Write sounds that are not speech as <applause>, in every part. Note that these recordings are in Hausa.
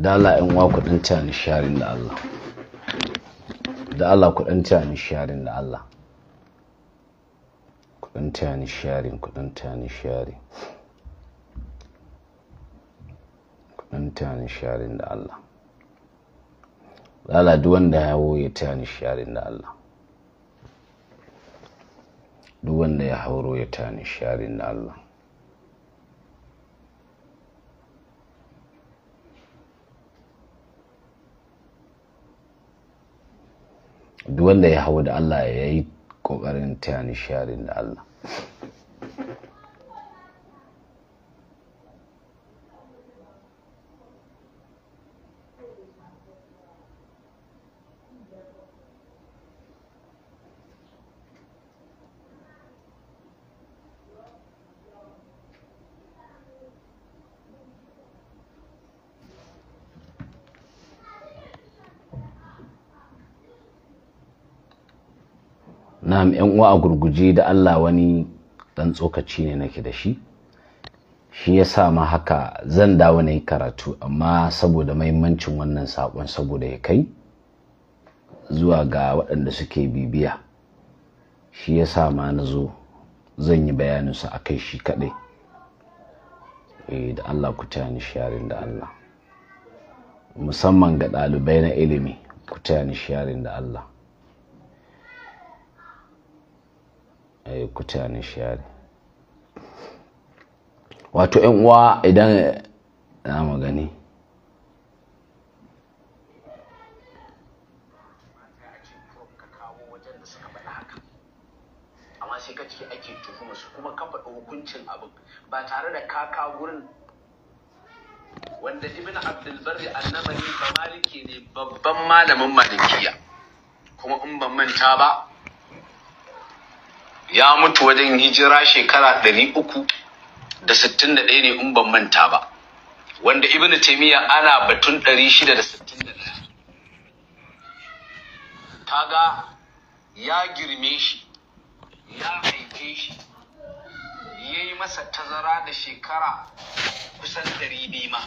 dala in wa ku dan tani sharin da Allah da Allah ku dan tani sharin da Allah ku dan tani sharin ku dan tani sharin ku dan tani sharin da Allah lala duk wanda ya hawo ya tani sharin da Allah duk wanda ya hauro ya tani sharin da Allah duk wanda ya hau da Allah ya yi ƙoƙarin ta ni da Allah na'am yan uwa a gurguje da Allah wani dan tsokaci ne nake da shi shi ya sa ma haka zan dawo na yi karatu amma saboda mahimmancin wannan saƙon saboda ya kai zuwa ga waɗanda suke bibiya shi ya sa ma na zo zan yi su a kai shi kaɗai eh, da Allah ku taya ni sharin da Allah musamman ga ɗalibai na ilimi ku taya ni sharin da Allah kutani share wato uwa idan za gani hukuncin ba tare da kaka wurin wanda ibn abdulbari annabari ba maliki ne babban malamin malikiya kuma in ban manta ba ya mutu wajen hijira shekara ɗari uku da da sittin ɗaya ne in ban manta ba wanda ibn taimiyya ana batun ɗari shida da sittin 661 kaga ya girme shi ya haife shi ya yi masa tazara da shekara kusan ɗari biyu ma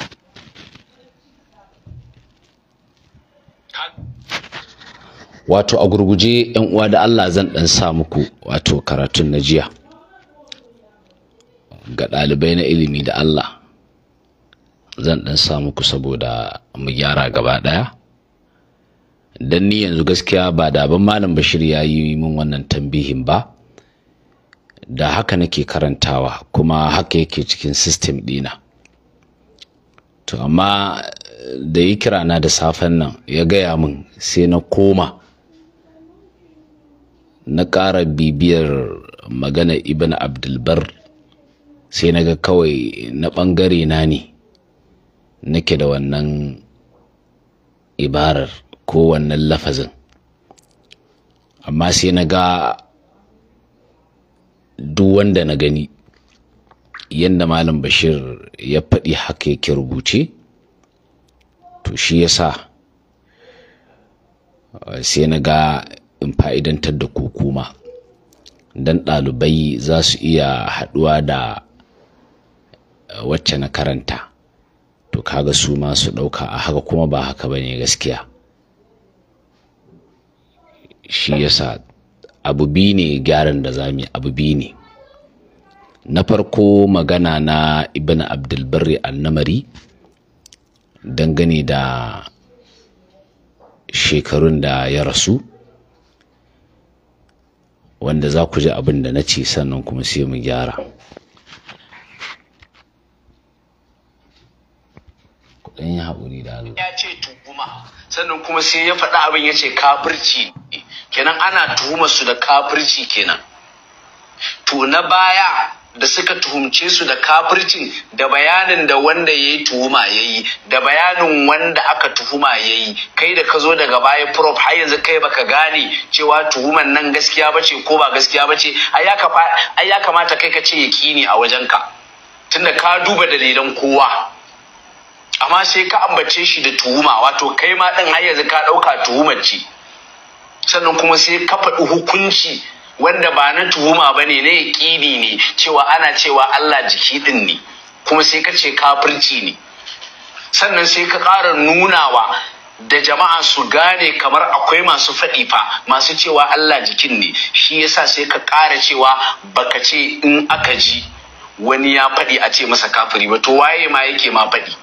wato a gurguje yan uwa da Allah zan dan sa muku wato karatun na jiya ga ɗalibai na ilimi da Allah zan dan sa muku saboda mu gyara gaba ɗaya dan ni yanzu gaskiya ba da ban malam Bashir ya yi min wannan tambihin ba da haka nake karantawa kuma haka yake cikin system ɗina to amma da yi kirana da safen nan ya gaya min sai na koma na ƙara bibiyar magana ibn abdulbar sai na ga kawai na ɓangare na ne nake da wannan ibarar ko wannan lafazin amma sai na ga duk wanda na gani yadda malam bashir ya faɗi haka yake rubuce to shi ya sa eh, sai na ga in fa'idantar da ku kuma don ɗalibai za su iya haɗuwa da eh, wacce na karanta to kaga su ma su ɗauka a haka kuma ba haka ba ne gaskiya shi yasa abu bi ne gyaran da zami abu bi ne na farko magana na ibn abdulbari annamari dangane da shekarun da ya rasu wanda za ku ji abin da na ce sannan kuma sai mu gyara kudin ya haƙuri da Allah ya ce tuhuma sannan kuma sai ya faɗi abin ya ce kafirci kenan ana tuhumar su da kafirci kenan to na baya da suka tuhumce su da kafircin da bayanin da wanda ya yi tuhuma ya yi da bayanin wanda aka tuhuma ya yi kai da ka zo daga baya prof har yanzu kai baka gane cewa tuhuman nan gaskiya bace ko ba gaskiya bace ai ya kamata kai ka ce ya yakini a wajen ka tunda ka duba dalilan kowa amma sai ka ambace shi da tuhuma wato kai ma din har yanzu ka ɗauka tuhumar ce sannan kuma sai ka faɗi hukunci wanda ba na tuhuma ba ne na yaƙini ne cewa ana cewa Allah jiki ɗin ne kuma sai ka ce kafirci ne sannan sai ka ƙara nunawa da jama'a su gane kamar akwai masu faɗi fa masu cewa Allah jikin ne shi yasa sai ka ƙara cewa baka ce in aka ji wani ya faɗi a ce masa kafiri ba to waye ma yake ma faɗi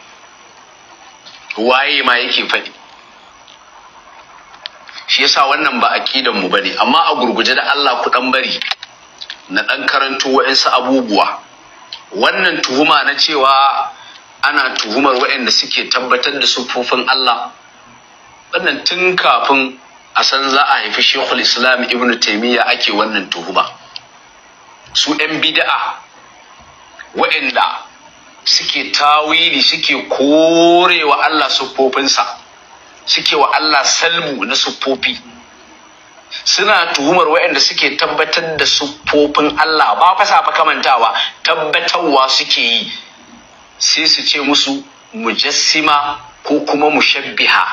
waye ma yake faɗi shi yasa wannan ba aqidan mu bane amma a gurguje da Allah ku dan bari na dan karanto wa'ansu abubuwa wannan tuhuma na cewa ana tuhumar wa'anda suke tabbatar da sufofin Allah wannan tun kafin a san za a haifi Sheikhul islam ibn taimiyya ake wannan tuhuma su 'yan bida'a wa'anda suke tawili suke korewa allah siffofinsa suke wa Allah salmu na siffofi suna tuhumar waɗanda suke tabbatar da siffofin Allah ba fa safa kamantawa tabbatarwa suke yi sai su ce musu mujassima ko kuma mushabbiha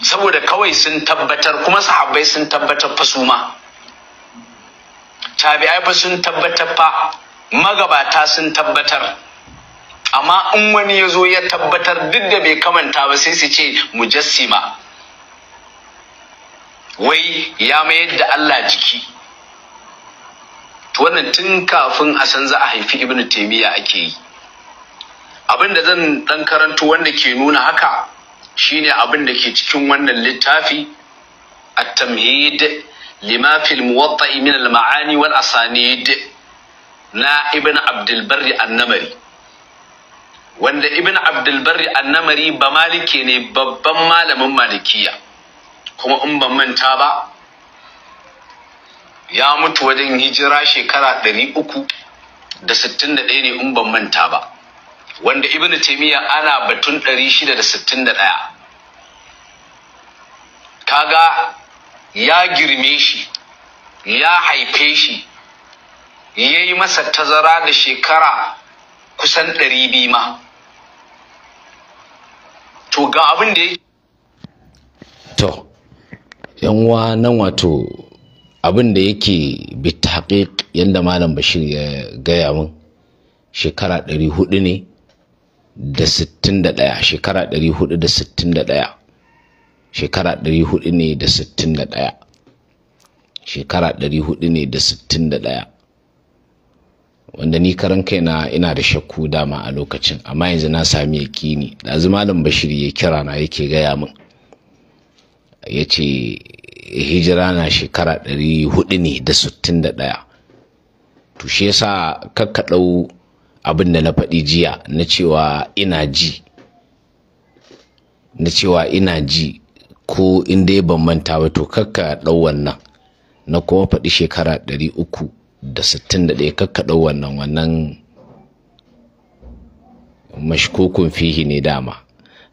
saboda kawai sun tabbatar kuma sahabbai sun tabbatar fa su ma tabi'ai fa sun tabbatar fa magabata sun tabbatar amma in wani ya zo ya tabbatar duk da bai kamanta ba sai su ce mujassima wai ya mayar da Allah jiki to wannan tun kafin a san za a haifi ibn taymiya ake yi abin da zan dan karanto wanda ke nuna haka shine abin da ke cikin wannan littafi at-tamhid lima fil muwatta'i min al-ma'ani wal asanid na ibn abdul barri an-namari wanda ibn abdulbari annamari ba malike ne babban malamin malikiya kuma in ban manta ba ya mutu wajen hijira shekara 361 ne in ban manta ba wanda ibn taimiyya ana batun 661 kaga ya girme shi ya haife shi ya yi masa tazara da shekara kusan ɗari biyu ma to ga abin da yake to yan wa nan wato abin da yake bitaƙe yadda malam bashir ya gaya min shekara ɗari hudu ne da sittin da ɗaya shekara ɗari hudu da sittin da ɗaya shekara ɗari hudu ne da sittin da ɗaya shekara ɗari hudu ne da sittin da ɗaya wanda ni karan kaina ina da shakku dama a lokacin amma yanzu na sami yakini, da malam bashir ya kira na yake gaya min ya ce hijira na shekara ɗari ne da sittin da ɗaya to shi yasa kakka ɗau abin da na faɗi jiya na cewa ina ji na cewa ina ji ko in dai ban manta ba to kakka ɗau wannan na kuma faɗi shekara ɗari uku da sittin da ɗaya kakkaɗo wannan wannan mashkukun fihi ne dama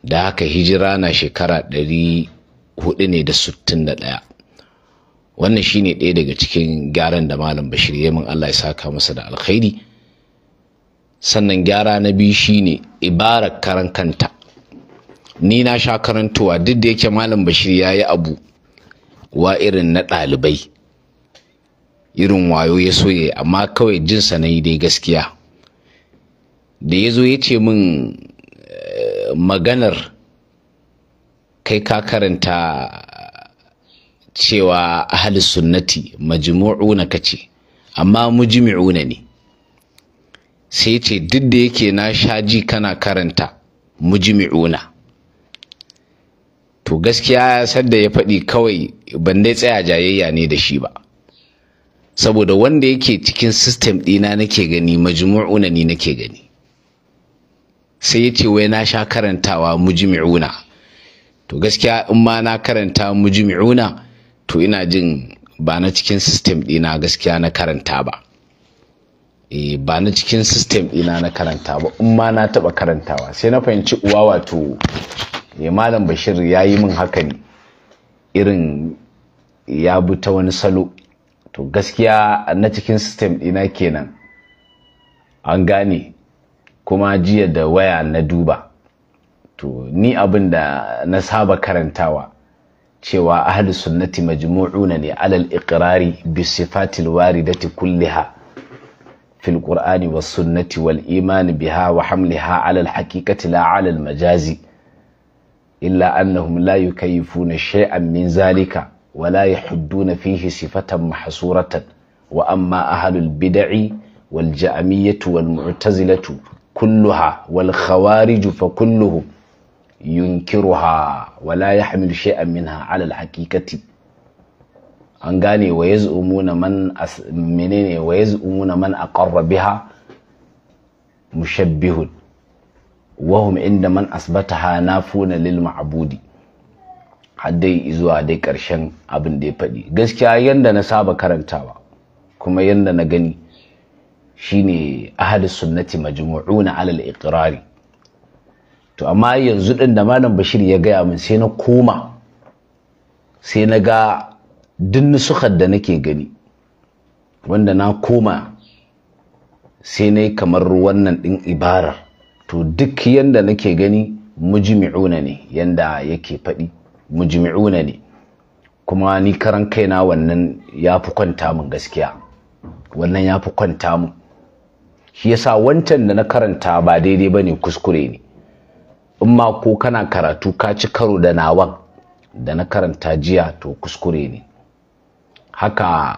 da haka hijira na shekara ɗari hudu ne da sittin da ɗaya wannan shine ɗaya daga cikin gyaran da malam bashir ya min allah ya saka masa da alkhairi sannan gyara na biyu shine ibarar karan kanta ni na sha karantowa duk da yake malam bashir ya yi abu wa irin na ɗalibai irin wayo ya so amma kawai jinsa na dai gaskiya da ya zo ya ce min eh, maganar kai ka karanta cewa ahli sunnati majmu'una kace amma na ne sai ce duk da yake na shaji kana karanta mujmi'una to gaskiya sadda ya faɗi kawai ban dai tsaya jayayya ne da shi ba saboda wanda yake cikin system ɗina nake gani majmu'una ni nake gani sai yace wai na sha karantawa mujmi'una to gaskiya in ma na karanta mujmi'una to ina jin ba na cikin system ɗina gaskiya na karanta ba e, ba na cikin system ɗina na karanta ba in ma na taɓa karantawa sai na fahimci uwa wato e, malam bashir ya yi min haka ne irin ya bi ta wani salo to gaskiya na cikin system ɗina kenan an gane kuma jiya da waya na duba to ni abin da na saba karantawa cewa ahlus sunnati majmu'una ne alal iqrari bi sifatil waridati kulliha fil qur'ani was sunnati wal iman biha wa hamliha alal haqiqati la alal majazi illa annahum la yukayifuna shay'an min zalika ولا يحدون فيه صفة محصورة وأما أهل البدع والجأمية والمعتزلة كلها والخوارج فكلهم ينكرها ولا يحمل شيئا منها على الحقيقة أنغاني ويزعمون من أس... منين ويزعمون من أقر بها مشبه وهم عند من أثبتها نافون للمعبود har dai zuwa dai ƙarshen abin da ya faɗi gaskiya yadda na saba karantawa kuma yadda na gani shine ahli sunnati majmu'una alal iqrari to amma yanzu ɗin da malam bashir ya gaya min sai na koma sai na ga duk nusukar da nake gani wanda na koma sai na yi kamar nan ɗin ibarar to duk yadda nake gani mujmi'una ne yadda yake faɗi mujmi'una ne kuma ni karan kaina wannan ya fi kwanta min gaskiya wannan ya fi kwanta min shi yasa wancan da na karanta ba daidai ba ne kuskure ne in ma ko kana karatu ka ci karo da nawan da na karanta jiya to kuskure ne haka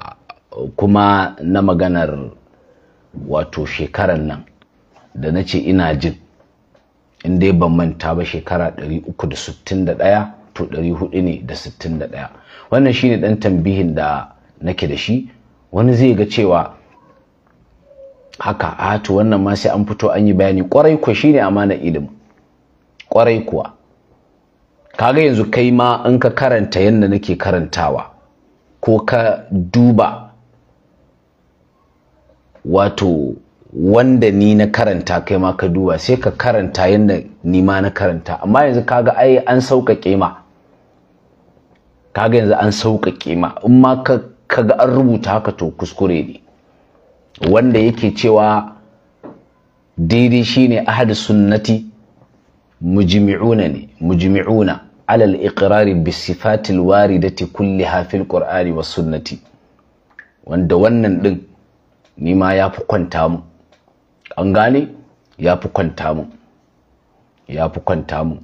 kuma na maganar wato shekaran nan da na ce ina jin in dai ban manta ba shekara 361 to 400 ne da ɗaya wannan shine dan tambihin da nake da shi wani zai ga cewa haka a ah, wannan ma sai an fito an yi bayani kwarai kuwa shine amana ilimi kwarai kuwa kaga yanzu kai ma in ka karanta yadda nake karantawa ko ka duba wato wanda ni na karanta kai ma ka duba sai ka karanta yadda ni ma na karanta amma yanzu kaga ai an sauƙaƙe ma kaga yanzu an sauƙaƙe ma in ma ka ga an rubuta haka to kuskure ne wanda yake cewa daidai shine ahad sunnati mujmi'una ne mujmi'una alal iqrari bi sifatil waridati kulliha fil qur'ani was sunnati wanda wannan ɗin ni ma ya fi kwanta mu an gane ya fi kwanta mu ya fi kwanta mu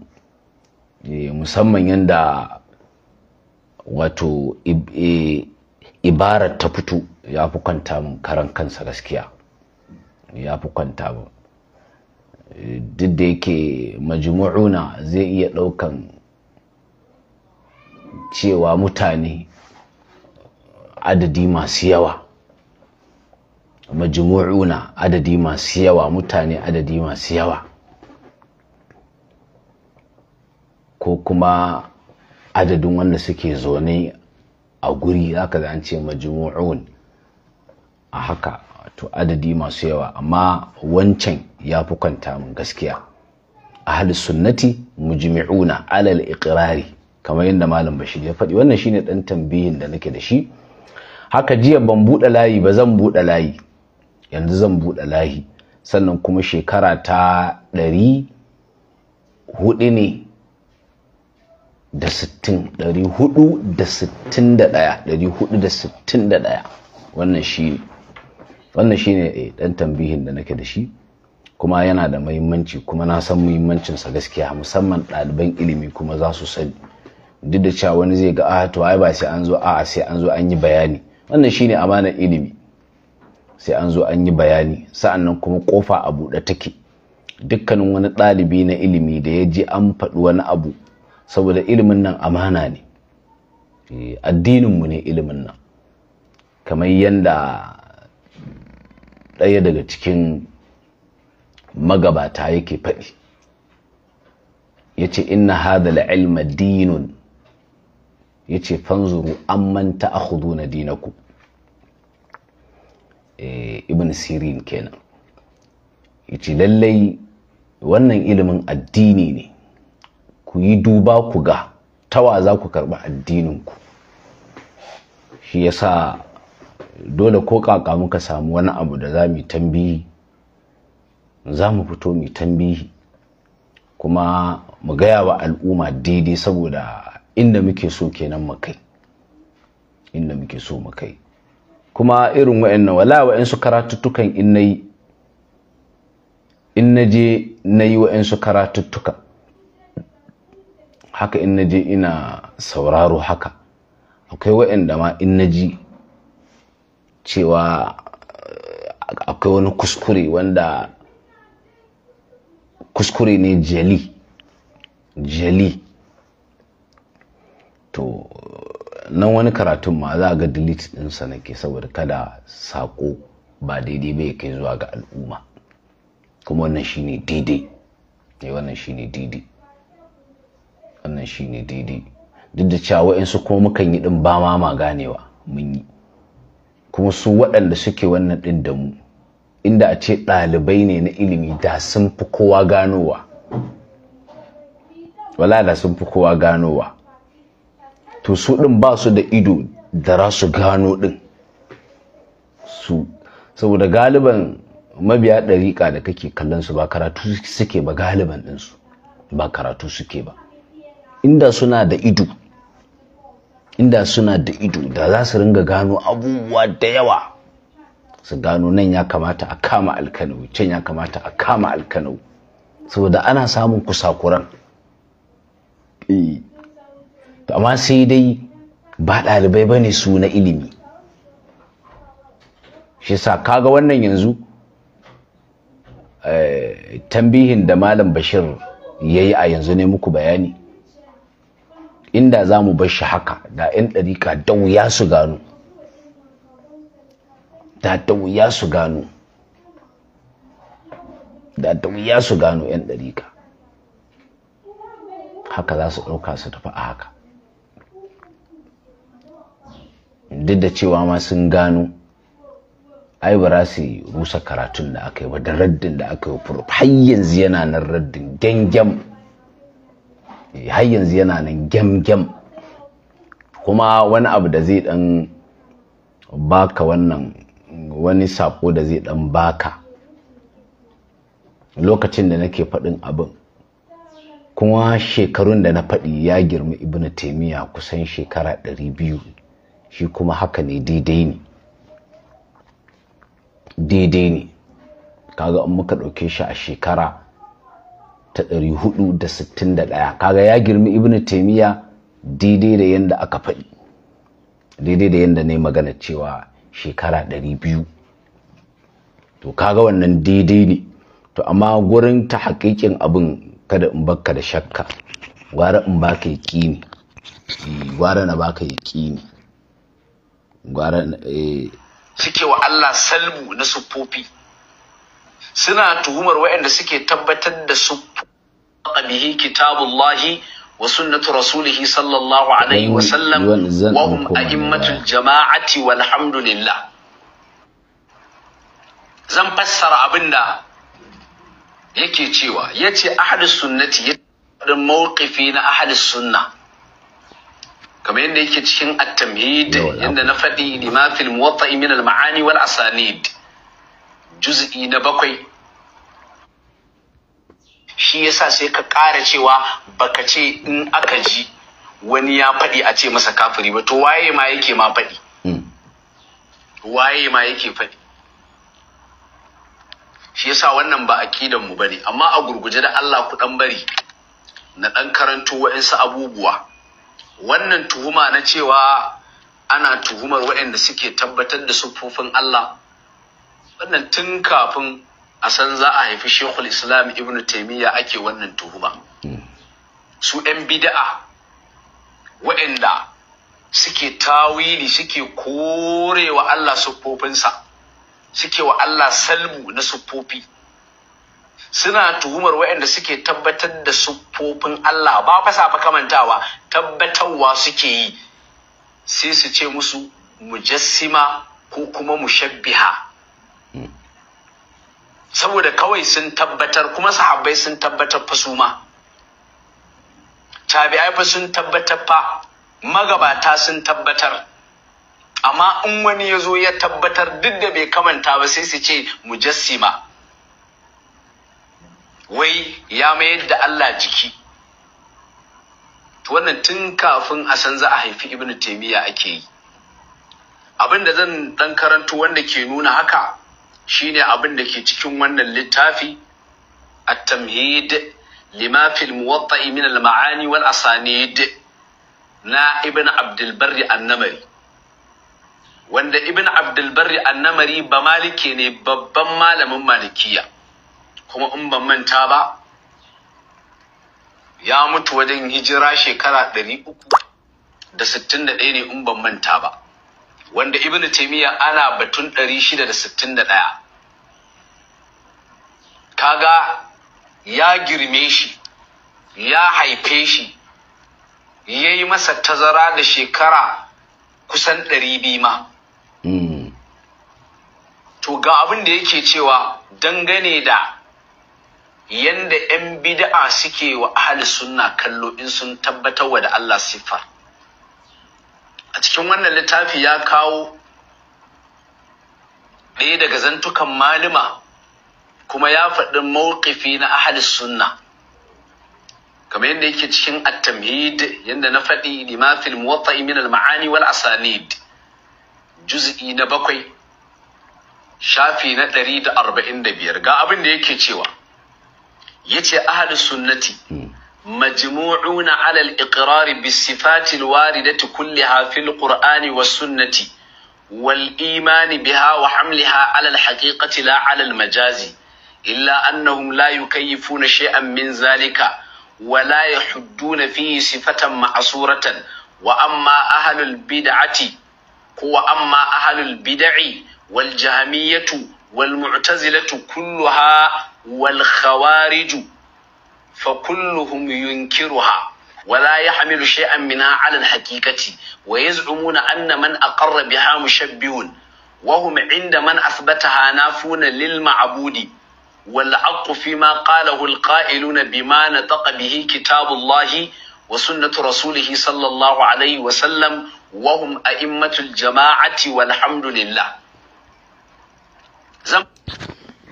eh, musamman yanda wato e, ibarar ta fito ya fi kwanta karan kansa gaskiya ya fi kwanta min e, duk da yake majmu'una zai iya ɗaukan cewa mutane adadi masu yawa majmu'una adadi masu yawa mutane adadi masu yawa ko kuma adadin wanda suke zaune a guri za ka an ce majmu'un a haka to adadi masu yawa amma wancan ya fi kwanta min gaskiya ahli sunnati mujmi'una alal iqrari kamar yadda malam bashir ya faɗi wannan shine ɗan tambayin da nake da shi haka jiya ban buɗe layi ba zan buɗe layi yanzu zan buɗe layi sannan kuma shekara ta ɗari hudu ne da sittin ɗari hudu da sittin da ɗaya ɗari hudu da sittin da ɗaya wannan shi wannan shi ne eh, ɗan tambihin da nake da shi kuma yana da muhimmanci kuma na san muhimmancinsa gaskiya musamman ɗaliban ilimi kuma za su sani duk da cewa wani zai ga a ah, to ai ba sai an zo a sai an zo an yi bayani wannan shine amanar ilimi sai an zo an yi bayani sa'annan kuma kofa a buɗe take dukkanin wani ɗalibi na ilimi da ya je an faɗi wani abu saboda ilimin nan amana ne eh, addininmu ne ilimin nan kamar yadda ɗaya daga cikin magabata yake faɗi ya ce inna hadha ilma dinun ya ce fanzuru an manta hudu na dinaku eh, ibn sirin kenan ya ce lallai wannan ilimin addini ne ku yi duba ku ga tawa za ku karɓi addininku shi sa dole ko kaka muka samu wani abu da za mu tambihi za mu fito mu tambihi kuma mu gaya wa al'umma daidai saboda inda muke so kenan mu kai inda muke so mu kai kuma irin wa'annan wala wa'ansu karatuttukan in nayi in naje nayi wa'ansu karatuttukan haka in na je ina sauraro haka akwai wa'anda ma in na ji cewa eh, akwai wani kuskure wanda kuskure ne jeli jeli to nan wani karatun ma za a ga delete ɗinsa nake saboda kada saƙo ba daidai bai kai zuwa ga al'umma kuma wannan shine daidai eh, wannan shine daidai wannan shine daidai duk da cewa wa'insu kuma mukan yi din ba ma ma ganewa mun yi kuma su waɗanda suke wannan din da mu inda a ce ɗalibai ne na ilimi da sun fi kowa ganowa wala da sun fi kowa ganowa to su ɗin ba su da ido da ra su gano ɗin su saboda galiban mabiya ɗariƙa da kake kallon su ba karatu suke ba galiban ɗinsu ba karatu suke ba inda suna da ido inda suna da ido da za su ringa gano abubuwa da yawa su gano nan ya kamata a kama alkanawi can ya kamata a kama alkanau, saboda ana samun kusakuran eh, amma sai dai ba ɗalibai ba ne su na ilimi shi sa kaga wannan yanzu eh, tambihin da malam bashir ya yi a yanzu ne muku bayani inda za mu bar shi haka da 'yan ɗarika da wuya su gano da da wuya su gano da da wuya su gano 'yan ɗarika haka za su ɗauka su tafi a haka duk da cewa ma sun gano ai ba za su rusa karatun da aka yi ba da raddin da aka yi har yanzu yana nan raddin gangan har yanzu yana nan gyam-gyam kuma wani abu da zai dan baka wannan wani sako da zai dan baka lokacin da nake faɗin abin kuma shekarun da na faɗi ya girma ibn taimiyya kusan shekara 200 shi kuma haka ne daidai ne daidai ne kaga in muka ɗauke shi a shekara ta ɗaya. kaga ya girmi ibn taimiyya daidai da yadda aka faɗi daidai da yadda ne magana cewa shekara 200 to kaga wannan daidai ne to amma gurin ta haƙiƙin abin kada in baka da shakka gwara in baka ne. Eh, gwara na baka ƙini gwara eh suke wa Allah salmu na sufofi suna tuhumar waɗanda suke tabbatar da su bihi kitabullahi wa sunnatu rasulih sallallahu alaihi wa sallam wa hum a'immatul jama'ati walhamdulillah zan fassara abinda yake cewa yace ahli sunnati da mawqifi na ahli sunna kamar yadda yake cikin at-tamhid yadda na faɗi lima fil muwatta'i min al-ma'ani wal asanid juz'i na bakwai shi yasa sai ka ƙara cewa baka ce in aka ji wani ya faɗi a ce masa kafiri ba to waye ma yake ma faɗi hmm. waye ma yake faɗi shi yasa wannan ba aqidan mu bane amma a gurguje da Allah ku dan bari na dan karanto wa'ansu abubuwa wannan tuhuma na cewa ana tuhumar waɗanda suke tabbatar da sufofin Allah wannan tun kafin a san za a haifi shekul islam ibn taimiyya ake wannan tuhuma hmm. su 'yan bida'a wa'inda suke tawili suke kore wa Allah siffofinsa suke wa Allah salmu na siffofi suna tuhumar wa'inda suke tabbatar da siffofin Allah ba fasa fa kamantawa tabbatarwa suke yi sai su ce musu mujassima ko kuma mushabbiha saboda kawai sun tabbatar kuma sahabbai sun tabbatar fa su ma tabi'ai fa sun tabbatar fa magabata sun tabbatar amma in wani ya zo ya tabbatar duk da bai kamanta ba sai su ce mujassima wai ya mayar da Allah jiki wannan tun kafin a san za a haifi ibnu taymiya ake yi Abinda zan dan karanto wanda ke nuna haka shine abin da ke cikin wannan littafi at-tamhid lima fil muwatta'i min al-ma'ani wal asanid na ibn abdul barri an wanda ibn abdul barri an ba malike ne babban malamin malikiya kuma in ban manta ba ya mutu wajen hijira shekara 361 ne in ban manta ba wanda ibn taimiyya ana batun 661 kaga ya girme shi ya haife shi ya yi masa tazara da shekara kusan 200 ma hmm. to ga abin da yake cewa dangane da yanda 'yan bid'a suke wa ahli sunna kallo in sun tabbatar wa da Allah siffar a cikin wannan littafi ya kawo ɗaya daga zantukan malima kuma ya faɗi mawqifi na ahalis sunna kamar yadda yake cikin at-tamhid yadda na faɗi lima fil muwatta'i min al-ma'ani wal asanid juz'i na bakwai shafi na ɗari da arba'in da biyar ga abin da yake cewa yace ahalis sunnati hmm. مجموعون على الإقرار بالصفات الواردة كلها في القرآن والسنة والإيمان بها وحملها على الحقيقة لا على المجاز إلا أنهم لا يكيفون شيئا من ذلك ولا يحدون فيه صفة معصورة وأما أهل البدعة هو أما أهل البدع والجهمية والمعتزلة كلها والخوارج fa kulluhum yunkiruha ولا يحمل شيئا منها على الحقيقة ويزعمون أن من أقر بها مشبهون وهم عند من أثبتها نافون للمعبود والعق فيما قاله القائلون بما نطق به كتاب الله وسنة رسوله صلى الله عليه وسلم وهم أئمة الجماعة والحمد لله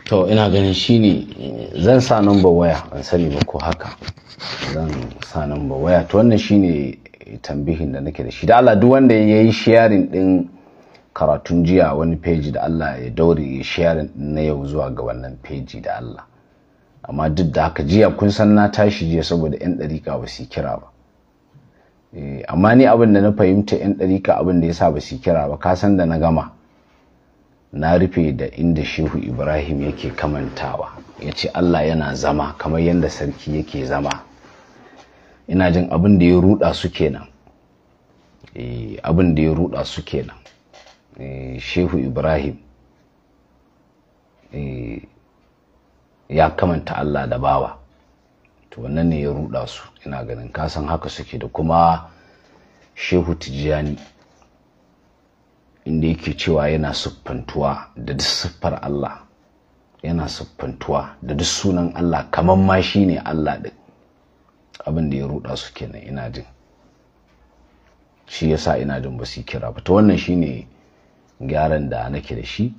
to ina ganin shine zan sa number waya an sani ba ko haka zan sa number waya to wannan shine tambihin da nake da shi da Allah duk wanda ya yi sharing din karatun jiya wani page da Allah ya daure ya sharing din na yau zuwa ga wannan page da Allah amma duk da haka jiya kun san na tashi jiya saboda yan dariƙa ba su kira ba eh, amma ni abin da na fahimta yan dariƙa abin da ya sa ba su kira ba ka san da na gama na rufe da inda shehu ibrahim yake kamantawa ya ce allah yana zama kamar yadda sarki yake zama ina jin abin da ya ruda su kenan eh, abin eh, shehu ibrahim eh, ya kamanta allah da bawa to wannan ne ya ruda su ina ganin kasan haka suke da kuma shehu tijjani inda yake cewa yana siffantuwa da duk siffar Allah yana siffantuwa da duk sunan Allah kamar ma shi ne Allah da abin da ya ruɗa su kenan ina jin shi yasa ina jin ba su kira ba ta wannan shi ne gyaran da nake da shi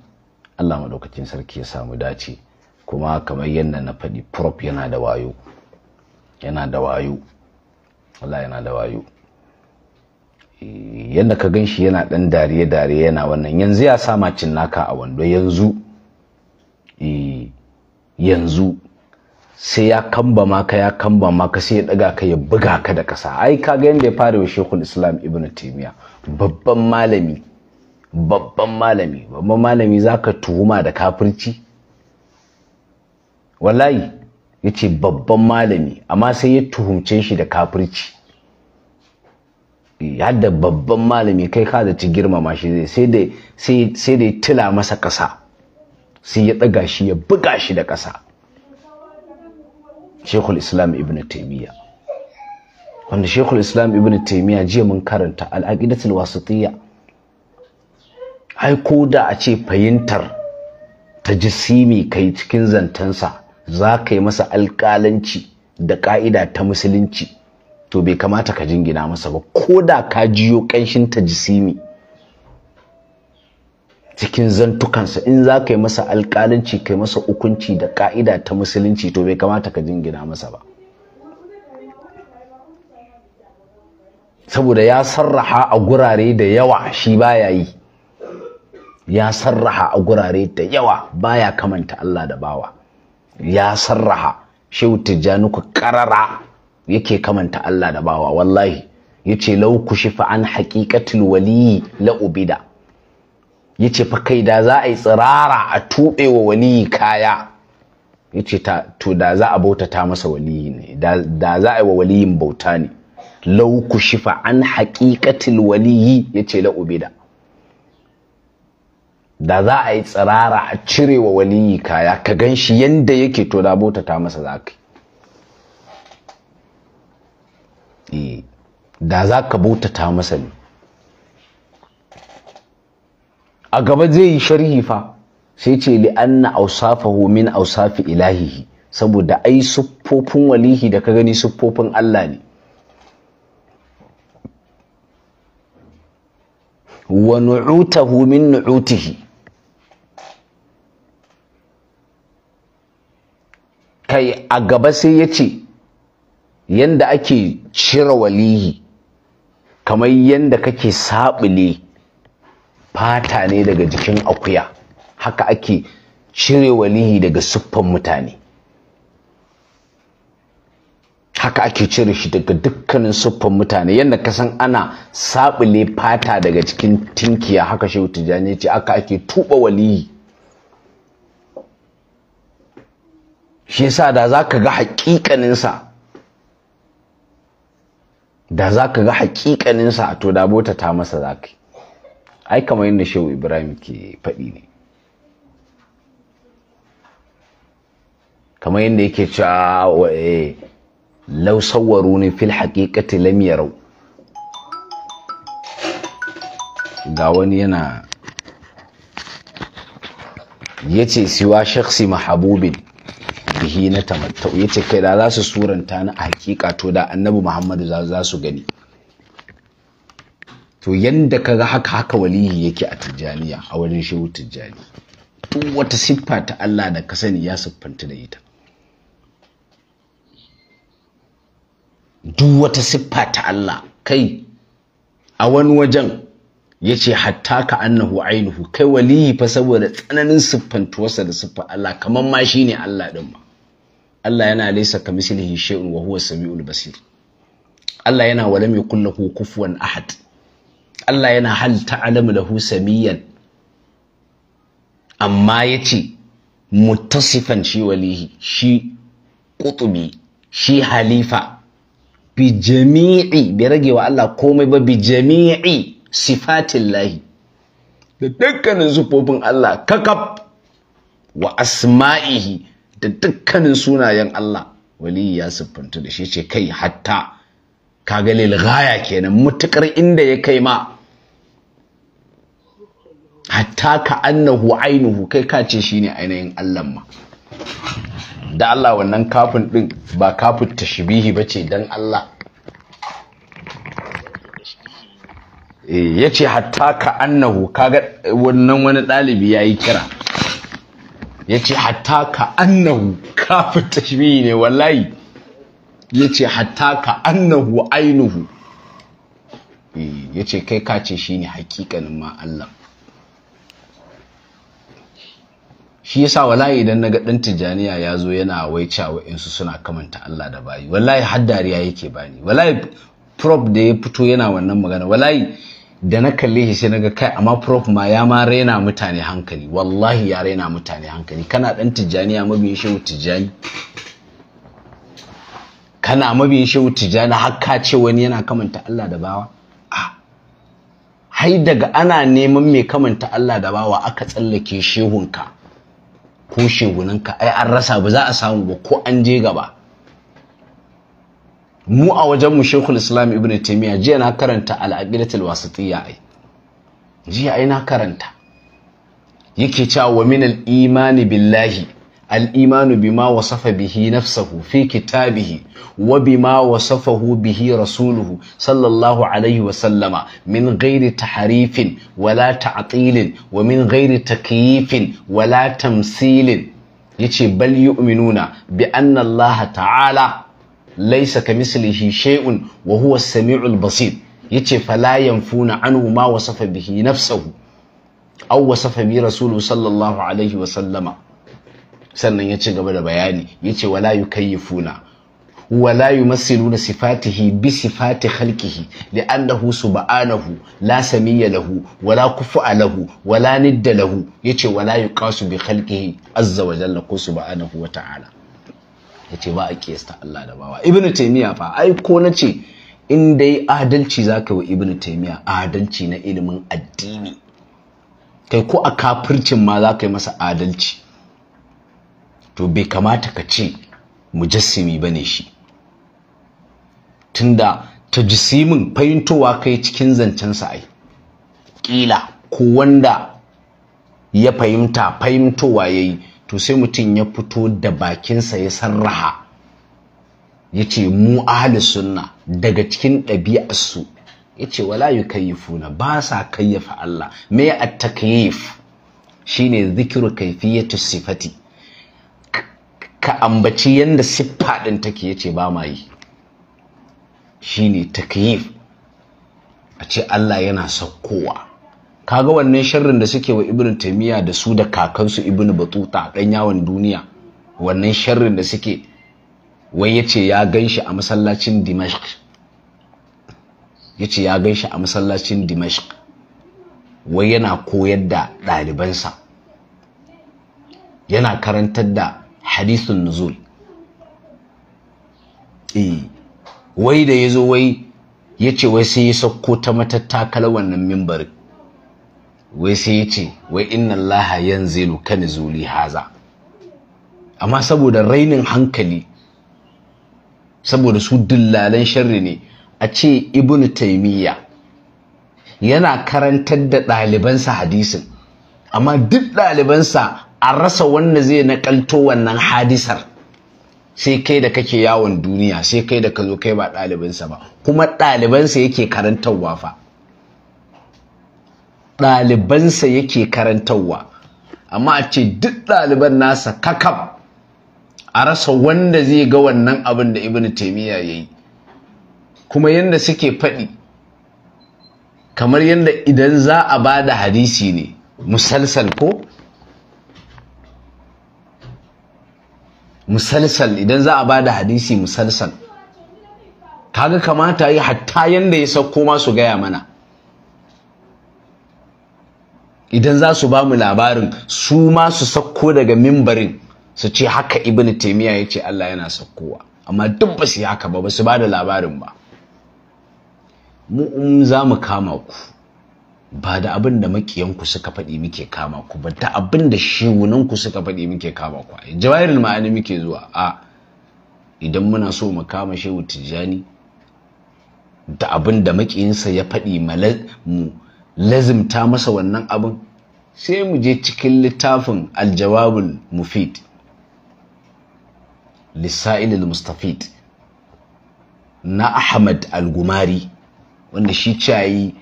Allah maɗaukacin sarki ya samu dace kuma kamar yadda na faɗi prop yana da wayo yana da wayo Allah yana da wayo yadda ka gan shi yana ɗan dariye-dariye yana wannan yanzu ya sa macin naka a wando yanzu e, yanzu sai ya kamba maka ya kamba maka sai ya ɗaga ka ya buga ka da ƙasa ai ka ga yadda ya fara wa shekul islam ibn taimiya babban malami babban malami babban malami za ka tuhuma da kafirci wallahi ya ce babban malami amma sai ya tuhumce shi da kafirci yadda babban malami kai ka da ci girmama shi zai sai da ya tila masa ƙasa sai ya ɗaga shi ya buga shi da ƙasa shekul islam ibn taimiyya wanda shekul islam ibn taimiyya jiya mun karanta al'aqidatul wasitiyya ai ko da a ce fahimtar ta jisimi kai cikin zantansa za ka yi masa alƙalanci da ƙa'ida ta musulunci to bai kamata ka jingina masa ba ko da ka jiyo ƙanshin ta jisimi cikin zantukansa in za ka yi masa alƙalanci ka yi masa hukunci da ƙa'ida ta musulunci to bai kamata ka jingina masa ba saboda ya sarraha a gurare da yawa shi baya yi ya sarraha a gurare da yawa baya kamanta Allah da bawa ya sarraha shehu tijjani ku ƙarara. yake kamanta Allah da bawa wallahi yace law kushifa an haqiqatil wali la ubida yace fa kai da za a yi tsirara a tube wa wali kaya yace ta to da za a bautata masa wali ne da za a yi wa waliyin bauta ne law kushifa an haqiqatil wali yace la ubida da za a yi tsirara a cire wa waliyi kaya ka gan shi yadda yake to da bautata masa zakai Eh, da za ka bautata masa ne a gaba zai yi sharhi fa sai ce li anna awsafahu min awsafi ilahihi saboda ai siffofin walihi da ka gani siffofin Allah ne wa nu'utahu min nu'utihi kai a gaba sai ya ce yanda ake cire waliyi kamar yanda kake saɓule fata ne daga jikin akuya haka ake cire waliyi daga siffan mutane haka ake cire shi daga dukkanin siffan mutane yanda ka san ana saɓule fata daga cikin tinkiya haka shi tijani ce haka ake tuba waliyi shi yasa da za ka ga haƙiƙaninsa da za ka ga a to da bota ta masa za ka yi. ai kamar yadda shehu ibrahim ke faɗi ne kamar yadda yake cewa eh, lau sawwaru ne fil haƙiƙati lam yarau ga wani yana Ya yace siwa shakhsi mahabubin bihi na tamattau ce kai da za su suranta ni a hakika to da annabi Muhammadu za su gani to yadda ka ga haka haka walihi yake a tijjaniya a wajen shehu tijjani duk wata siffa ta Allah da ka sani ya siffanta da ita duk wata siffa ta Allah kai a wani wajen ya ce hatta ka annahu ainihu kai waliyi fa saboda tsananin siffantuwarsa da siffar Allah kamar ma shi ne Allah ɗin ba Allah yana laysa kamislihi shay'un wa huwa samiul basir Allah yana wa lam yakul lahu kufuwan ahad Allah yana hal ta'lamu lahu samiyan amma yace muttasifan shi walihi shi qutbi shi halifa bi jami'i bi rage wa Allah komai ba bi jami'i sifatillahi da dukkanin sufofin Allah kakab wa asma'ihi da dukkanin sunayen Allah wali ya siffanta da shi ce kai hatta kaga lil ghaya kenan mutukar inda ya kai ma hatta ka annahu ainuhu kai ka ce shine ainihin Allah ma da Allah wannan kafin din ba kafin tashbihi bace dan Allah eh, ya ce hatta ka annahu kaga wannan wani ɗalibi ya yi kira ya ce hatta ka annahu kafin tashbihi ne wallahi ya ce hatta ka annahu ainihu eh, ya ce kai ka shi ne hakikanin ma Allah shi yasa wallahi idan naga dan tijaniya ya zo yana waica wa'insu suna kamanta Allah da bayi wallahi har dariya yake bani wallahi prop da ya fito yana wannan magana wallahi da na kalle shi sai ga kai amma prof ma ya ma raina mutane hankali wallahi ya raina mutane hankali kana dan tijjani a mabiyin shehu tijjani kana mabiyin shehu tijjani har ka ce wani yana kamanta Allah da bawa hai daga ana neman mai kamanta Allah da bawa aka tsallake shehunka ko shehunanka ai an rasa ba za a samu ba ko an je gaba mu a wajen mu shekul islam ibn taimiyya jiya na karanta al'aqidatul wasitiyya ai jiya ai na karanta yake cewa wa min al-imani billahi al-imanu bima wasafa bihi nafsahu fi kitabihi wa bima wasafahu bihi rasuluhu sallallahu alaihi wa sallama min ghairi taharifin wala ta'tilin wa min ghairi takyifin wala tamsilin yace bal yu'minuna bi anna Allah ta'ala laisa kamislihi shay'un wa huwa as-sami'ul basir yace fala yanfuna anhu ma wasafa bihi nafsuhu aw wasafa bi rasuluhu sallallahu alaihi wa sallama sannan ya ci gaba da bayani yace wala yukayyifuna ولا يمثلون صفاته بصفات خلقه لأنه سبحانه لا سمي له ولا كفء له ولا ند له يتي ولا يقاس بخلقه عز وجل سبحانه وتعالى ya ba a kiyasta Allah da bawa ibn taimiya fa ai ko na ce in dai adalci za ka yi wa ibn taimiya adalci na ilimin addini kai ko a kafircin ma za ka yi masa adalci to bai kamata ka ce mujassimi ba ne shi tunda ta jisimin fahimtowa kai cikin zancen ai kila. ko wanda ya fahimta fahimtowa ya yi to sai mutum ya fito da bakinsa ya sarraha ya ce mu ahli sunna daga cikin ɗabi'arsu ya ce wala yi na ba sa kayyafa Allah me a takyif shine zikiru kaifiyatu sifati ka ambaci yanda siffa ɗin take ce ba ma yi shine takyif a ce Allah yana saukowa kaga wannan sharrin da suke wa ibnu taymiya da su da kakansu ibnu batuta dan yawon duniya wannan sharrin da suke wai yace ya ganshi a masallacin dimashq yace ya ganshi a masallacin dimashq wai yana koyar da ɗalibansa yana karantar da hadisun nuzul eh, wai da ya zo wai ya ce wai sai ya sauko ta matattakalar wannan mimbarin wai sai ya ce wai inna allaha yanzilu kan zuli haza amma saboda rainin hankali saboda su dillalan sharri ne a ce ibnu taimiyya yana karantar da ɗalibansa hadisin amma duk ɗalibansa a rasa wanda zai naƙalto wannan hadisar sai kai da kake yawon duniya sai kai da ka zo kai ba ɗalibinsa ba kuma ɗalibansa yake karantarwa fa ɗalibansa yake karantarwa amma a ce duk ɗaliban nasa kakab a rasa wanda zai ga wannan abin da ibn taimiyya ya yi kuma yadda suke faɗi kamar yadda idan za a ba da hadisi ne musalsal ko musalsal idan za a ba da hadisi musalsal kaga kamata yi hatta yadda ya sauko ma su gaya mana idan za su ba mu labarin su ma su sakko daga mimbarin su ce haka ibn taimiyya ya ce Allah yana sakkowa amma duk ba su yi haka ba ba su ba da labarin ba mu in za mu kama ku ba da abin da makiyanku suka faɗi muke kama ku ba da abin da shewunanku suka faɗi muke kama ku jawahirul ma'ani muke zuwa a idan muna so mu kama shehu tijjani da abin da makiyinsa ya faɗi mu lazimta masa wannan abin sai mu je cikin littafin aljawabul mufid lissa'il mustafid na ahmad al-gumari wanda shi ciyayi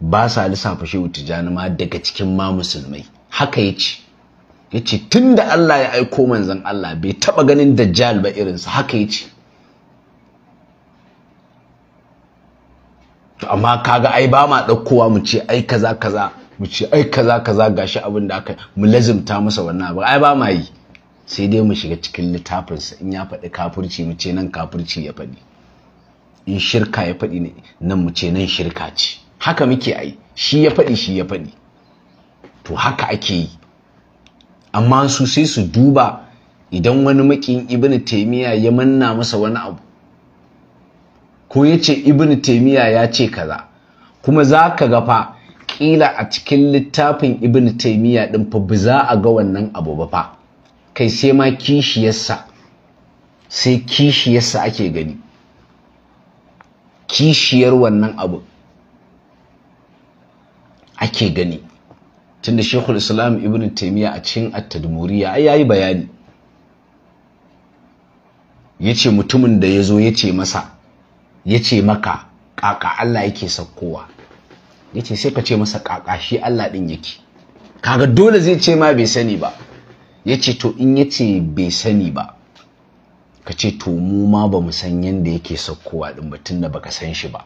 ba sa lissafa shehu tijjani ma daga cikin ma musulmai haka ya ce ya ce tun da allah ya aiko manzan allah bai taba ganin dajjal ba irinsa haka ya ce to amma kaga ai ba ma ɗaukowa mu ce ai kaza kaza mu ce ai kaza kaza gashi abin da aka mu lazimta masa wannan abu ai ba ma yi sai dai mu shiga cikin littafinsa in ya faɗi kafirci mu ce nan kafirci ya faɗi in shirka ya faɗi nan mu ce nan shirka ce haka muke ai shi ya faɗi shi ya faɗi to haka ake yi amma su sai su duba idan wani makin ibnu taymiya ya manna masa wani abu ko ya ce ibn taimiyya ya ce kaza kuma za ka ga fa ƙila a cikin littafin ibn taimiyya ɗin fa ba za a ga wannan abu ba fa kai sai ma kishiyarsa sai kishiyarsa ake gani kishiyar wannan abu ake gani tunda shekul islam ibn taimiyya a cikin attadmuriya ai yayi bayani Ya ce mutumin da ya zo ya ce masa ya ce maka ƙaƙa Allah yake saukowa ya ce sai ka ce masa ƙaƙa shi Allah ɗin yake kaga dole zai ce ma bai sani ba Yace to in yace bai sani ba ka ce to mu ma ba mu san yadda yake saukowa ɗin ba tunda baka san shi ba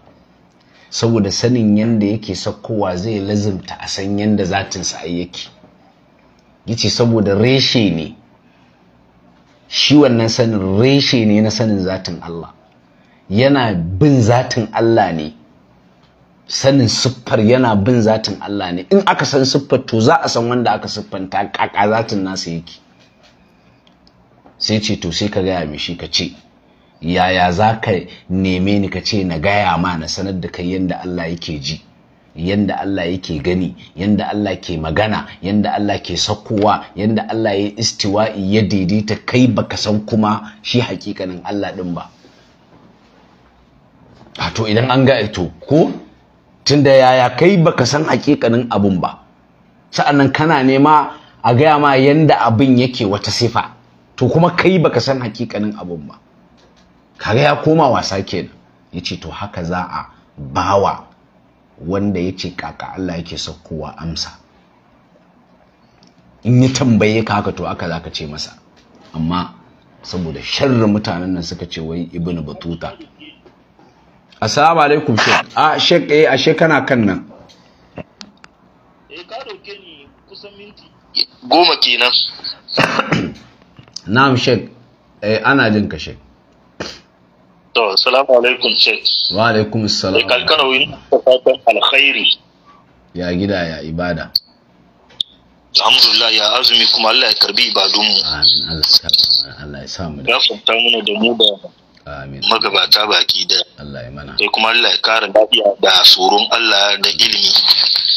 saboda sanin yadda yake saukowa zai lazimta a san yadda zatinsa ai yake ya saboda reshe ne shi wannan sanin reshe ne na sanin zatin Allah yana bin zatin Allah ne sanin siffar yana bin zatin Allah ne in aka san siffar to za a san wanda aka siffanta kaka zatin nasa yake sai ce to sai ka gaya mishi ka ce yaya za ka neme ni ka ce na gaya ma na sanar da kai yadda Allah yake ji yanda Allah yake gani yanda Allah ke magana yanda Allah ke sakkowa yanda Allah ya istiwa'i ya daidaita kai baka san kuma shi hakikanin Allah ɗin ba a to idan an ga to ko tunda yaya kai baka san hakikanin abun ba sa'annan kana nema a gaya ma yanda abin yake wata sifa to kuma kai baka san hakikanin abun ba kaga ya koma wasa kenan yace to haka za a bawa wanda yace kaka Allah yake saukowa amsa in ya tambaye ka haka to haka ka ce masa amma saboda sharri mutanen nan suka ce wai ibnu batuta assalamu alaikum shek a shek eh ashe kana kan nan eh ka dauke ni kusan minti goma kenan na'am shek eh ana jin ka shek to assalamu alaikum shek wa alaikum assalam eh kalkarawi fatan alkhairi ya gida ya ibada alhamdulillah ya azumi kuma Allah ya karbi ibadunmu amin Allah ya sa mu da ya fanta mana da mu da magabata baki da Allah ya mana sai kuma Allah ya kara lafiya da tsoron Allah da ilimi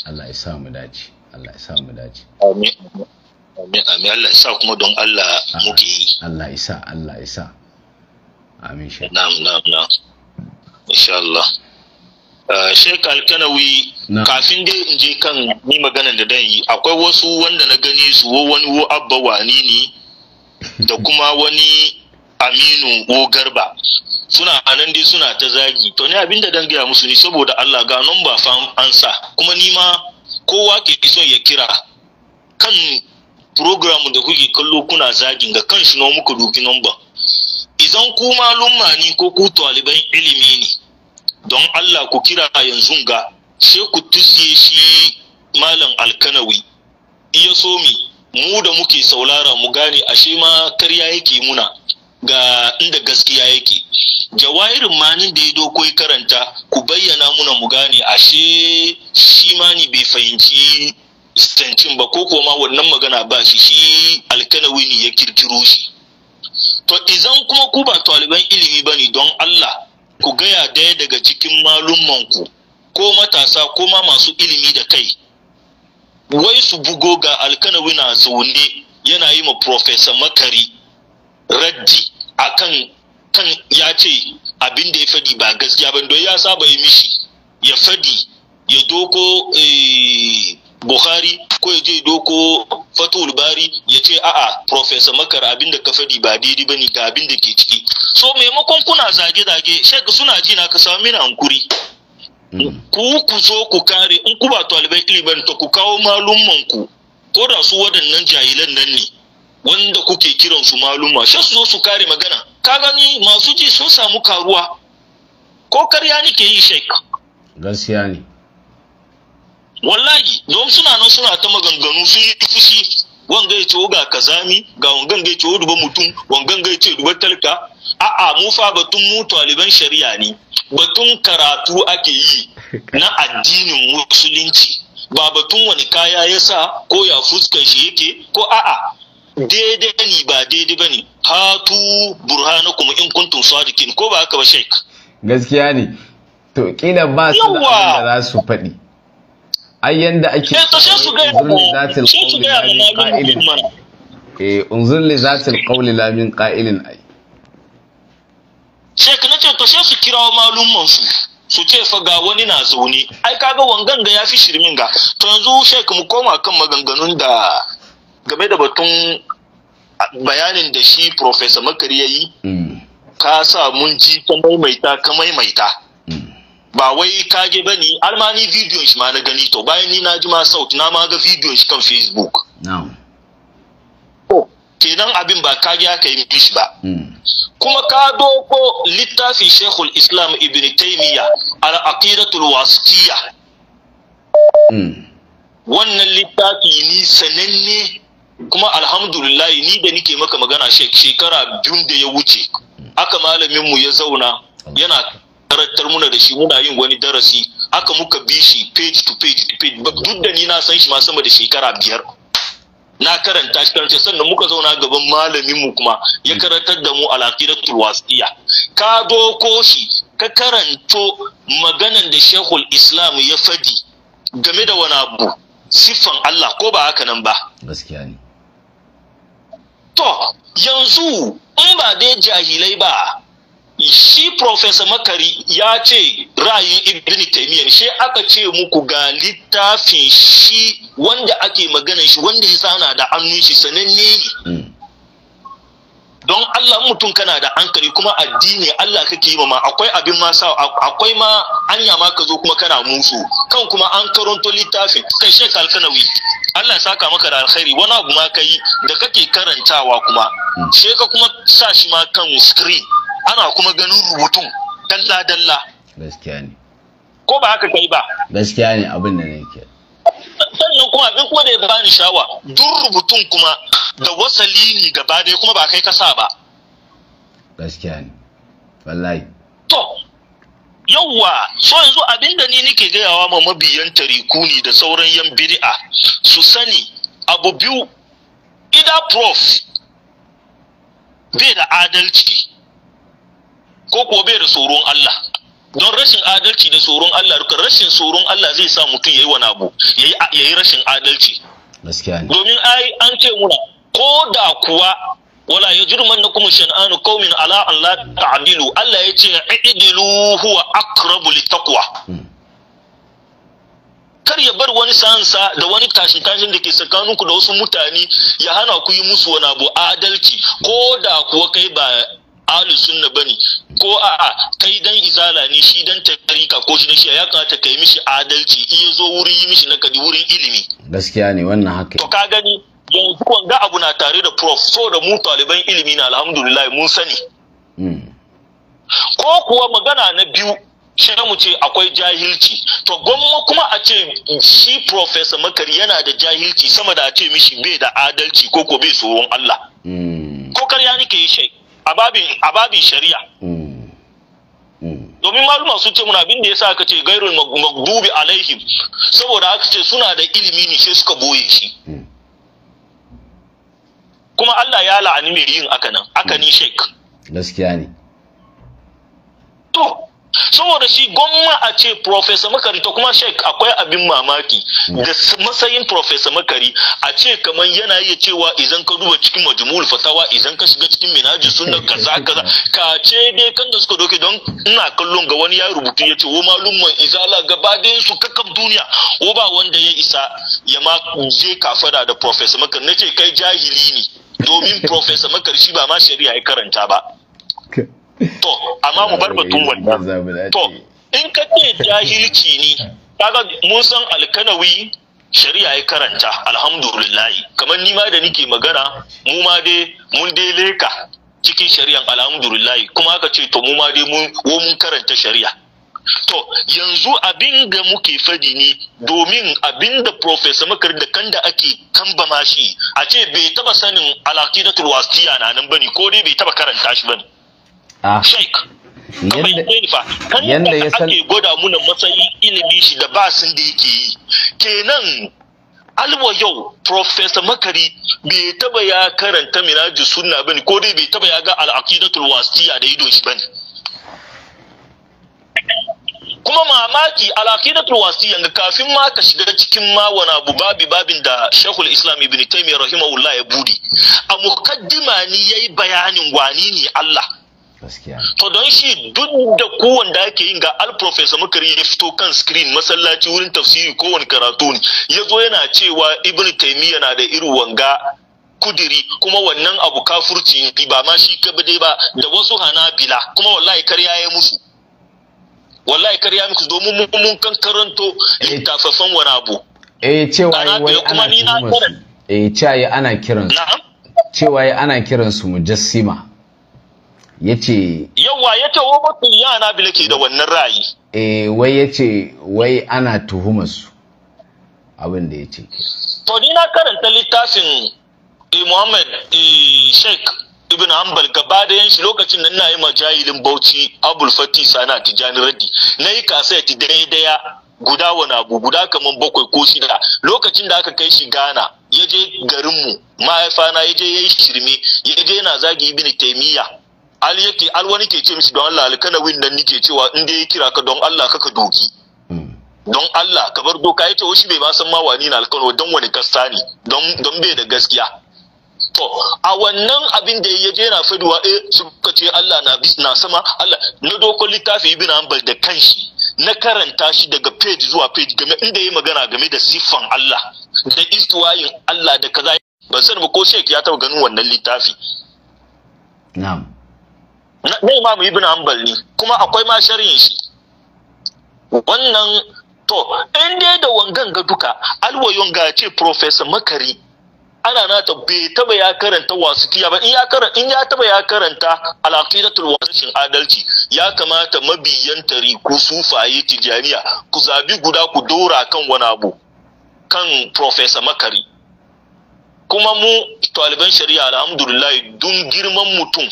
Allah ya sa mu dace Allah ya sa mu dace amin amin Allah ya sa kuma don Allah muke yi Allah ya sa Allah ya sa amin shi na'am na'am na'am insha Allah uh, Sheikh Alkanawi kafin dai in je kan ni maganar da dan yi akwai wasu wanda na gani su wo wani wo abba wani ne <laughs> da kuma wani aminu ko garba suna anan dai suna ta zagi to ni abinda dan gaya musu ni saboda Allah ga nan ba fa ansa kuma ni ma kowa ke son ya kira kan program da kuke kallo kuna zagin ga kan shi na muku duki number idan ku malumma ni ko ku taliban ilimi ne don Allah ku kira yanzu ga sai ku tusiye shi malam alkanawi iya so mu da muke saulara mu gane ashe ma karya yake muna ga inda gaskiya yake jawahirin manin da ya doko ya karanta ku bayyana muna mu gane ashe shi mani bai fahimci istancin ba ko kuma wannan magana ba shi shi alkanawi ne ya kirkiro shi to izan kuma ku ba taliban ilimi ba ne don allah ku gaya daya daga cikin ku ko matasa ko ma masu ilimi da kai wai su bugo ga alkanawi na zaune yana yi ma profesa makari raddi a kan ya ce abin da ya fadi ba gaskiya ba don ya saba yi mishi ya fadi ya doko eh, Bukhari ko ya je doko Fatul Bari ya ce a'a Professor Makar abin da ka fadi ba daidai bane ga abin da ke ciki so maimakon kuna zage-zage shek suna ji na ka samu mina hankuri ku ku zo ku kare in ku ba talibai ilimin to ku kawo malumman ku ko da su waɗannan jahilan nan ne wanda kuke kiran su maluma sai su zo su kare magana ka gani masu ji sun samu karuwa ko karya nake yi shek? gaskiya ne wallahi don suna nan suna ta maganganu sun yi fushi wanga ya ce ga kazami ga wangan ga ya ce duba mutum wangan ga ya ce duba talka a'a mu fa batun mu taliban shari'a ne batun karatu ake yi na addinin musulunci ba batun wani kaya ya sa ko ya fuskan shi yake ko a'a daidai ne ba daidai ba ne hatu kuma in kuntum sadiqin ko ba haka ba sheik gaskiya ne to kila ba su da abin da za su faɗi ai yanda ake eh, zulmi zatil qawli la min qa'ilin eh unzur li zatil qawli la min qa'ilin ai sheik nace to sai su wa malumman su su ce fa ga wani na zaune ai kaga wangan ga yafi shirmin ga to yanzu sheik mu koma kan maganganun da game da batun bayanin da shi profesa makari ya yi mm. ka sa mun ji ka maimaita ka maimaita mm. ba wai ka ge ni har ma shi ma na gani to bayan ni na ji ma sauti na ma ga vidiyon shi kan facebook kenan abin ba ka ya ka yi ba mm. kuma ka doko littafin shekul islam ibn taimiyya al aqidatul wasitiya wannan littafi ni sananne kuma alhamdulillah ni da nike maka magana shekara biyun da ya wuce aka malamin ya zauna yana karantar muna da shi muna yin wani darasi aka muka bi shi page to page to page duk da ni na san shi ma sama da shekara biyar na karanta shi karanta sannan muka zauna gaban malamin kuma ya karatar da mu al wasiya ka doko shi ka karanto maganan da shehul islam ya fadi game da wani abu siffan Allah ko ba haka nan ba gaskiya ne to yanzu in ba dai jahilai ba shi Profesa Makari ya ce ra'ayin Ibn Taymiyyah shi aka ce muku ga littafin shi wanda ake magana shi wanda ya sana da hannun shi sananne ne hmm. don Allah mutum kana da hankali kuma addini Allah kake yi ma akwai abin ma sa akwai ma anya ma ka zo kuma kana musu kan kuma an karanto littafin kai shek alkanawi Allah ya saka maka da alkhairi wani abu ma kai da kake karantawa kuma hmm. sai ka kuma sa shi ma kan screen ana kuma ganin rubutun dalla dalla gaskiya ne ko ba haka kai ba gaskiya ne abin da nake sannan kuma abin kuma da ya bani shawa duk rubutun kuma da wasali ne gaba ɗaya kuma ba kai kasa ba gaskiya ne wallahi to yawwa so yanzu abin da ni nake gayawa ma mabiyan tariku ne da sauran yan bid'a su sani abu biyu ida prof bai da adalci ko ko bai da tsoron Allah don rashin adalci da tsoron Allah rashin tsoron Allah zai sa mutum yayi wani abu yayi rashin adalci Gaskiya ne. domin ai an ce muna ko da kuwa wala kuma shan'anu qaumin ala an la ya Allah na i'dilu huwa aqrabu littaqwa kar ya bar wani sansa da wani tashin tashin da ke tsakaninku da wasu mutane ya hana ku yi musu wani abu adalci ko da kuwa kai ba ahli sunna bane ko a'a kai dan izala ne shi dan tarika ko shi shi ya kamata kai mishi adalci iya zo wurin yi mishi na kadi wurin ilimi gaskiya ne wannan haka to ka gani yanzu wanga abu na tare da prof so da mu ɗaliban ilimi na alhamdulillah mun sani hmm. ko kuwa magana na biyu shi mu ce akwai jahilci to gwamma kuma a ce shi profesa makari yana da jahilci sama da a ce mishi bai da adalci ko ko bai tsoron Allah hmm. ko karya nike yi shai a babin shari'a hmm. domin maluma sun ce muna abin da yasa aka ce gairul magdubi alaihim saboda aka ce suna da ilimi ne sai suka boye shi kuma Allah ya la'ani mai yin aka nan aka ni hmm. shek gaskiya ne to saboda shi gwamma a ce professor makari to kuma shek akwai abin mamaki hmm. da matsayin professor makari a ce kamar yana iya cewa idan ka duba cikin majmu'ul fatawa idan ka shiga cikin minaji sunna kaza kaza <laughs> ka ce dai kan da suka doke don ina kallon ga wani ya rubutu ya ce wo malumman izala gaba da su kakkan duniya wo ba wanda ya isa ya ma je kafara da professor makari nace kai jahili ne domin <laughs> professor makarshi ba ma shari'a ya karanta ba to amma mu bar batun wannan to in ka ce jahilci ne kaga mun san alkanawi shari'a ya karanta alhamdulillah kamar ni ma da nike magana mu ma dai mun dai leka cikin shari'an alhamdulillah kuma aka ce to mu ma dai mun karanta shari'a to yanzu abin da muke fadi ne domin abin da Profesa makar da kan da ake kambama shi a ce bai taba sanin na turwasiya na nan bane ko dai bai taba karanta shi bane ah sheik yanda ya san ake gwada muna matsayin ilimi shi da ba sun da yake yi kenan alwa yau Profesa makari bai taba ya karanta miraji sunna bane ko dai bai taba ya ga al'aqidatul wasiya da ido shi bane kuma mamaki alaqidatul turwasi, ga kafin ma ka shiga cikin ma wani abu babi babin da shekul islam ibn taymiyyah rahimahullah ya budi a mukaddima ni yayi bayanin wani ne Allah to don shi duk da kowanne da ake yin ga al professor makari ya fito kan screen masallaci wurin tafsiri kowane karatu ne ya zo yana cewa ibn taymiyyah na da iri wanga kudiri kuma wannan abu kafurci ba ma shi kabade ba da wasu hana bila. kuma wallahi karya ya musu wallahi karya miki domin mun kan karanto eh. littafafan wani abu eh cewa eh, wai ana kiran eh cewa ana kiran cewa ana kiran su mujassima yace yawa yace wa mutum yana bilake da wannan ra'ayi eh wai yace wai ana tuhuma su abin da yace to ni na karanta littafin eh Muhammad eh Sheikh ibn hanbal gaba da shi lokacin nan na yi majahilin bauchi abul fati sana tijani raddi na yi kaset daya guda wani abu guda kamar bakwai ko shida lokacin da aka kai shi ghana ya je garinmu mahaifana ya je ya yi shirme ya je yana zagi ibn taimiyya al yake al wani ke ce mishi don Allah alkanawin nan nike cewa in dai ya kira ka don Allah kaka doki hmm. don Allah ka bar doka yake wasu bai ma san ma wani na alkano don wani kasta ne don bai da gaskiya to a wannan abin da ya je yana faduwa eh suka ce Allah na sama Allah na doko littafi ibn hanbal da kanshi na karanta shi daga page zuwa page game inda ya magana game da siffan Allah da istiwayin Allah da kaza ban san ba ko sheik ya taba ganin wannan littafi na'am na imamu ibn hanbal ne kuma akwai ma sharhin shi wannan to in dai da wangan ga duka alwayon ga ce professor makari ana nata bai taba ya karanta wasikiya ba in ya karanta in ya taba ya karanta alaqidatul wasishin adalci ya kamata mabiyan ku sufaye tijaniya ku zabi guda ku dora kan wani abu kan professor makari kuma mu ɗaliban shari'a alhamdulillah dun girman mutum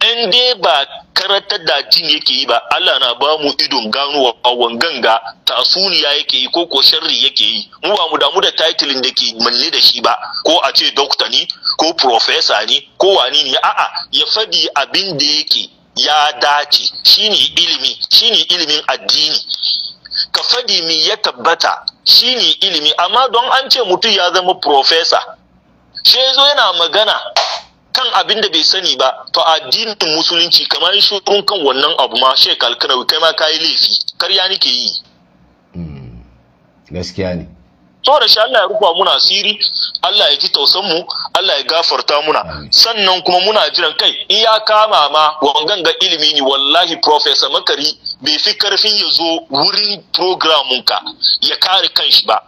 in dai ba karantar da jin yake yi ba Allah na ba mu idon gano a wanganga tasuniya yake yi ko ko sharri yake yi mu ba mu damu da titulin da ke manne da shi ba ko a ce dokta ni ko profesa ni ko wani ne a'a ya fadi abin da yake ya dace shine ilimi shine ilimin addini ka fadi mi ya tabbata shine ilimi amma don an ce mutum ya zama profesa shi yana magana kan abin da bai sani ba to addinin musulunci kamar shurun kan wannan abu ma shi alkarawi kai ma kayi laifi karya nake yi hmm, gaskiya ne to da shi Allah ya rufa muna asiri Allah ya ji tausan mu Allah ya gafarta muna sannan kuma muna jiran kai in ya kama ma wangan ga ilimi ne wallahi professor makari bai fi karfin ya zo wurin programun ka ya kare kanshi ba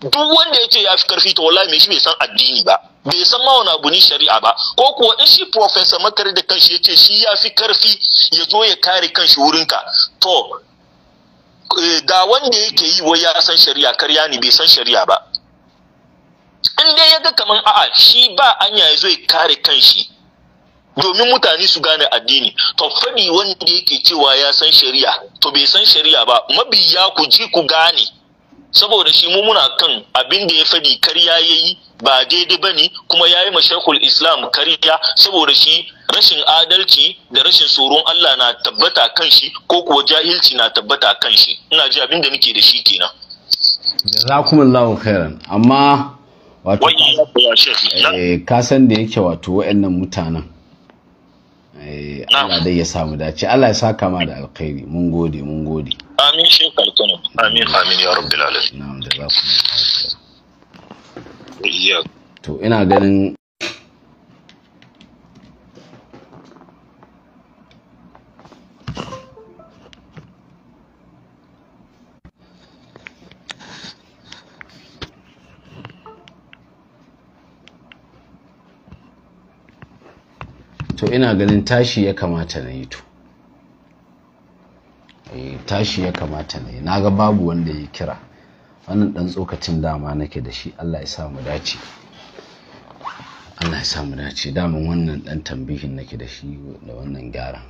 duk wanda ya ce ya fi karfi to wallahi me shi bai san addini ba bai san ma wani abu ni shari'a ba ko kuwa in shi profesa makar da kanshi yace shi ya fi karfi ya zo ya kare kanshi wurinka to da eh, wanda yake yi wai ya san shari'a karya ne bai san shari'a ba in dai ya ga kaman a'a shi ba anya ya zo ya kare kanshi domin mutane su gane addini to faɗi wanda yake cewa ya san shari'a to bai san shari'a ba mabiya ku ji ku gane saboda shi mu muna kan abin da ya fadi karya ya yi ba daidai ba ne kuma ya yi mashakul islam karya saboda shi rashin adalci da rashin tsoron allah na tabbata kan shi ko kuwa jahilci na tabbata kan shi ina ji abin da nake da shi kenan jazakumullahu khairan amma wato eh, ka san da yake wato wayannan mutanen eh, Allah dai ya samu dace Allah ya sa kama da alkhairi mun gode mun gode amin shi kalkunu amin amin ya rabbil alamin na'am da babu iya to ina ganin to ina ganin tashi ya kamata na yi to Eh, tashi ya kamata ne, na ga babu wanda ya kira wannan dan tsokacin dama nake da shi Allah ya sa mu dace Allah ya sa mu dace daman wannan dan tambihin nake da shi da wannan gyaran